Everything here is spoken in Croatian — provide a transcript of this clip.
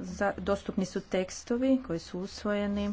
za Dostupni su tekstovi koji su usvojeni.